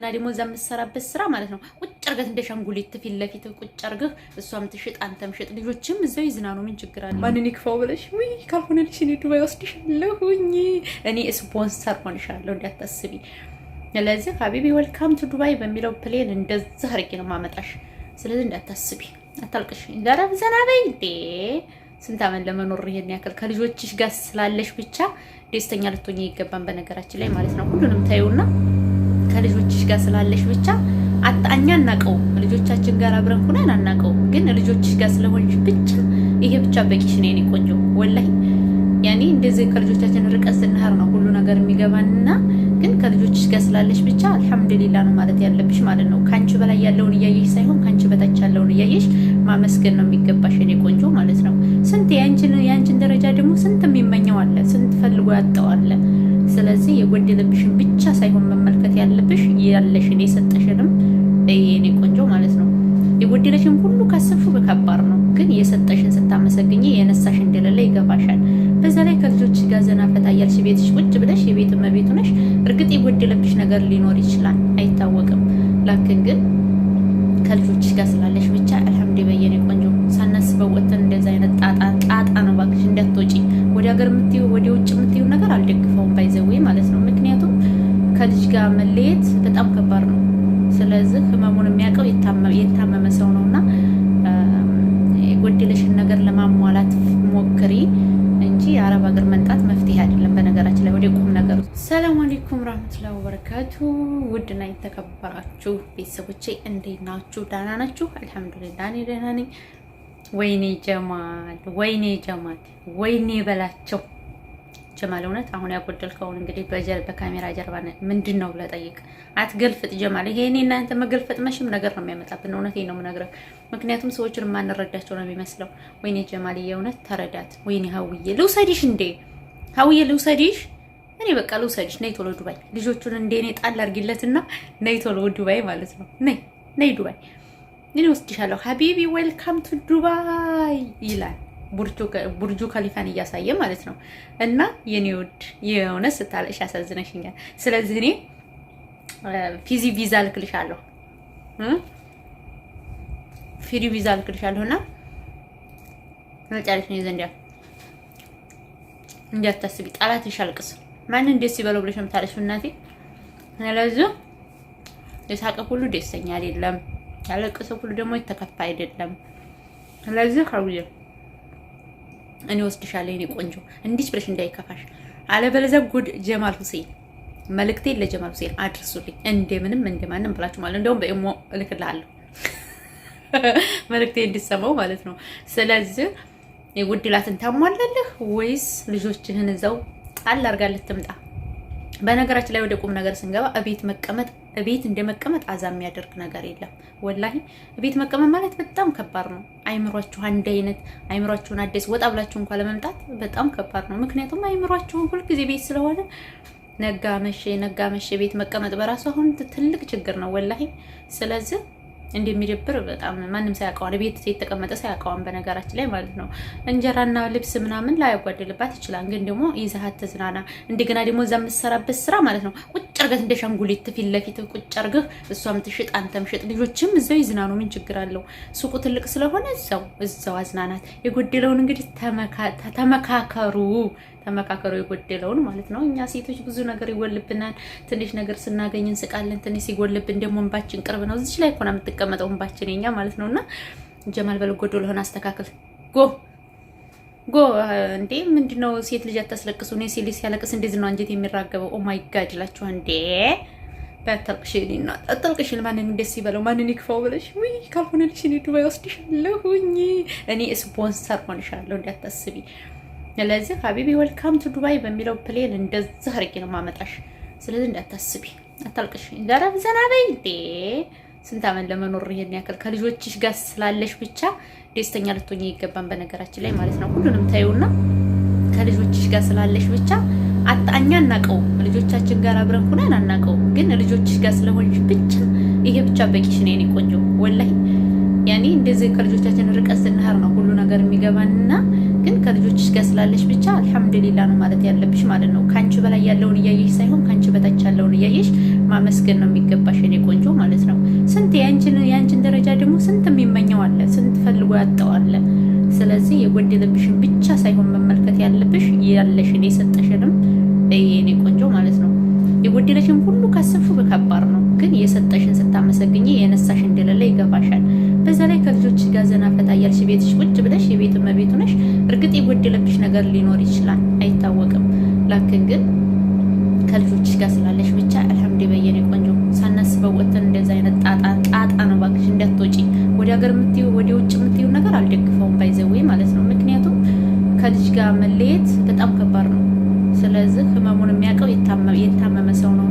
እና ደግሞ እዛ የምትሰራበት ስራ ማለት ነው። ቁጭ አርገት እንደ ሻንጉሊት ፊት ለፊት ቁጭ አርገህ እሷም ትሽጥ፣ አንተም ሽጥ፣ ልጆችም እዛው ይዝናኑ። ምን ችግር አለ? ማንን ይክፋው ብለሽ ወይ ካልሆነልሽ እኔ ዱባይ ወስድሻለሁኝ። እኔ ስፖንሰር ሆንሻለሁ እንዳታስቢ። ስለዚህ ሀቢቢ ወልካም ቱ ዱባይ በሚለው ፕሌን እንደዛ አርጌ ነው ማመጣሽ። ስለዚህ እንዳታስቢ፣ አታልቅሽ፣ ገረብ ዘና በይ እንዴ ስንት አመት ለመኖር ይሄን ያክል ከልጆችሽ ጋር ስላለሽ ብቻ ደስተኛ ልትሆኚ ይገባን። በነገራችን ላይ ማለት ነው ሁሉንም ታዩና ከልጆችሽ ጋር ስላለሽ ብቻ አጣኛ አናቀውም። ልጆቻችን ጋር አብረን ሁነን አናቀው ግን ልጆችሽ ጋር ስለሆንሽ ብቻ ይሄ ብቻ በቂሽ ነው የኔ ቆንጆ። ወላይ ያኔ እንደዚህ ከልጆቻችን ርቀት ስንሄድ ነው ሁሉ ነገር የሚገባንና ግን ከልጆችሽ ጋር ስላለሽ ብቻ አልሐምዱሊላ ነው ማለት ያለብሽ ማለት ነው። ከአንቺ በላይ ያለውን እያየሽ ሳይሆን ከአንቺ በታች ያለውን እያየሽ ማመስገን ነው የሚገባሽ የኔ ቆንጆ ማለት ነው። ስንት የአንቺን ደረጃ ደግሞ ስንት የሚመኘው አለ፣ ስንት ፈልጎ ያጠዋለ ስለዚህ የጎደለብሽን ብቻ ሳይሆን መመልከት ያለብሽ ያለሽን የሰጠሽንም የኔ ቆንጆ ማለት ነው። የጎደለሽን ሁሉ ካሰብሽው በከባድ ነው፣ ግን የሰጠሽን ስታመሰግኝ የነሳሽ እንደሌለ ይገባሻል። በዛ ላይ ከልጆች ጋር ዘና ፈታ እያልሽ ቤትሽ ቁጭ ብለሽ የቤት እመቤት ነሽ። እርግጥ የጎደለብሽ ነገር ሊኖር ይችላል አይታወቅም። ላክን ግን ከልጆች ጋር ስላለሽ ብቻ አልሐምድ በየኔ ቆንጆ ሳናስበው ወተን እንደዚ አይነት ጣጣ ጣጣ ነው እባክሽ እንዳትወጪ። ወደ ሀገር የምትይው ወደ ውጭ የምትይው ነገር አልደግፈውም፣ ባይዘዌ ማለት ነው። ምክንያቱም ከልጅ ጋር መለየት በጣም ከባድ ነው። ስለዚህ ህመሙን የሚያውቀው የታመመ ሰው ነው እና የጎደለሽን ነገር ለማሟላት ሞክሪ። የአረብ ሀገር መምጣት መፍትሄ አይደለም። በነገራችን ላይ ወደ ቁም ነገሩ። ሰላም አለይኩም ረህመቱላሂ ወበረካቱ። ውድና የተከበራችሁ ቤተሰቦቼ እንዴት ናችሁ? ደህና ናችሁ? አልሐምዱሊላ እኔ ደህና ነኝ። ወይኔ ጀማል፣ ወይኔ ጀማል፣ ወይኔ በላቸው ጀማል እውነት አሁን ያጎደልከውን እንግዲህ በካሜራ ጀርባ ምንድን ነው ለጠይቅ አትገልፍጥ ጀማል። ይሄ እኔ እናንተ መገልፈጥ መሽም ነገር ነው የሚያመጣብን። እውነቴን ነው የምነግረው። ምክንያቱም ሰዎችን የማንረዳቸው ነው የሚመስለው። ወይኔ ጀማል የእውነት ተረዳት። ወይኔ ሀውዬ ልውሰዲሽ እንዴ ሀውዬ ልውሰዲሽ እኔ በቃ ልውሰድሽ። ነይ ቶሎ ዱባይ። ልጆቹን እንዴ እኔ ጣል አርጊለትና ነይ ቶሎ ዱባይ ማለት ነው። ነይ ነይ ዱባይ እኔ ወስድሻለሁ ሀቢቢ ዌልካም ቱ ዱባይ ይላል። ቡርጁ ከሊፋን እያሳየ ማለት ነው። እና የኔ ውድ የሆነ ስታለሽ ያሳዝነሽኛል። ስለዚህ እኔ ፊዚ ቪዛ ልክልሻለሁ፣ ፊሪ ቪዛ ልክልሻለሁ እና መጨረሻ ይዘ እንዲያ እንዲያታስቢ ጠላትሽ አልቅስ ማንን ደስ ይበለው ብለሽ ምታለሽ እናቴ። ስለዚህ የሳቀ ሁሉ ደስተኛ አይደለም፣ ያለቀሰ ሁሉ ደግሞ የተከፋ አይደለም። ስለዚህ ከውዬ እኔ ወስድሻለሁ የእኔ ቆንጆ እንዲች ብለሽ እንዳይከፋሽ። አለበለዚያ ጉድ ጀማል ሁሴን መልክቴ ለጀማል ሁሴን አድርሱልኝ። እንደምንም እንደማንም ብላችሁ ማለት እንደውም በኢሞ እልክልሃለሁ መልእክቴ እንዲሰማው ማለት ነው። ስለዚህ የጉድላትን ታሟላለህ ወይስ ልጆችህን እዛው ጣል አድርጋ ልትምጣ? በነገራችን ላይ ወደ ቁም ነገር ስንገባ እቤት መቀመጥ እቤት እንደ መቀመጥ አዛ የሚያደርግ ነገር የለም። ወላሂ እቤት መቀመጥ ማለት በጣም ከባድ ነው። አይምሯችሁ አንድ አይነት አይምሯችሁን አዲስ ወጣ ብላችሁ እንኳ ለመምጣት በጣም ከባድ ነው። ምክንያቱም አይምሯችሁን ሁልጊዜ ቤት ስለሆነ ነጋ መሼ ነጋ መሼ ቤት መቀመጥ በራሱ አሁን ትልቅ ችግር ነው ወላሂ ስለዚህ እንደሚደብር በጣም ማንም ሳያውቀዋል፣ ቤት የተቀመጠ ሳያውቀዋል። በነገራችን ላይ ማለት ነው እንጀራና ልብስ ምናምን ላያጓደልባት ይችላል። ግን ደግሞ ይዘሀት ተዝናና። እንደገና ደግሞ እዛ የምትሰራበት ስራ ማለት ነው አርገህ እንደ ሻንጉሊት ፊት ለፊት ቁጭ አርገህ እሷም ትሽጥ አንተም ሽጥ፣ ልጆችም እዛው ይዝናኑ። ምን ችግር አለው? ሱቁ ትልቅ ስለሆነ እዛው እዛው አዝናናት። የጎደለውን እንግዲህ ተመካከሩ ተመካከሩ የጎደለውን ማለት ነው። እኛ ሴቶች ብዙ ነገር ይጎልብናል። ትንሽ ነገር ስናገኝ እንስቃለን። ትንሽ ሲጎልብን ደግሞ እንባችን ቅርብ ነው። እዚች ላይ እኮ ነው የምትቀመጠው እንባችን የኛ ማለት ነውና ጀማል በል ጎዶሎ አስተካክል ጎ ጎ እንዴ ምንድነው? ሴት ልጅ አታስለቅሱ። እኔ ሴት ልጅ ሲያለቅስ እንደዚህ ነው አንጀት የሚራገበው። ኦ ማይ ጋድ ላችሁ እንዴ በታልቅሽ ሊና አታልቅሽ። ማንን ደስ ይበለው ማንን ይክፋው ብለሽ ወይ ካልሆነልሽ እኔ ዱባይ ወስድሻለሁኝ። እኔ ስፖንሰር ሆንሻለሁ እንዳታስቢ። ስለዚህ ሀቢቢ ወልካም ቱ ዱባይ በሚለው ፕሌን እንደዛ አድርጌ ነው ማመጣሽ። ስለዚህ እንዳታስቢ፣ አታልቅሽ። ዘና ዘናበይ እንዴ ስንት ዓመት ለመኖር ይሄን ያክል ከልጆችሽ ጋር ስላለሽ ብቻ ደስተኛ ልትሆኝ ይገባን። በነገራችን ላይ ማለት ነው ሁሉንም ታዩና ከልጆችሽ ጋር ስላለሽ ብቻ አጣኛ አናቀው ልጆቻችን ጋር አብረን ሁነን አናቀው፣ ግን ልጆችሽ ጋር ስለሆንሽ ብቻ ይሄ ብቻ በቂሽ ነው የኔ ቆንጆ። ወላይ ያኔ እንደዚህ ከልጆቻችን ርቀት ስንሄድ ነው ሁሉ ነገር የሚገባንና ግን ከልጆችሽ ጋር ስላለሽ ብቻ አልሐምዱሊላ ነው ማለት ያለብሽ ማለት ነው። ከአንቺ በላይ ያለውን እያየሽ ሳይሆን ከአንቺ በታች ያለውን እያየሽ ማመስገን ነው የሚገባሽ የኔ ቆንጆ ማለት ነው። ስንት የአንቺን ደረጃ ደግሞ ስንት የሚመኘው አለ፣ ስንት ፈልጎ ያጠው አለ። ስለዚህ የጎደለብሽን ብቻ ሳይሆን መመልከት ያለብሽ ያለሽን የሰጠሽንም የኔ ቆንጆ ማለት ነው። የጎደለሽን ሁሉ ካሰብሹ በከባድ ነው፣ ግን የሰጠሽን ስታመሰግኝ የነሳሽ እንደሌለ ይገባሻል። በዛ ላይ ከልጆች ጋር ዘና ፈታ እያልሽ ቤትሽ ቁጭ ብለሽ የቤት እመቤት ነሽ። እርግጥ የጎደለብሽ ነገር ሊኖር ይችላል አይታወቅም። ላክን ግን ከልጆች ጋር ስላለሽ ብቻ አልሐምድ በየኔ ቆንጆ ሳናስበው ወጥተን እንደዚ አይነት ጣጣ ጣጣ ነው እባክሽ እንዳትወጪ። ወደ ሀገር የምትዩ ወደ ውጭ የምትዩ ነገር አልደግፈውም፣ ባይዘዌ ማለት ነው። ምክንያቱም ከልጅ ጋር መለየት በጣም ከባድ ነው። ስለዚህ ህመሙን የሚያውቀው የታመመ ሰው ነው።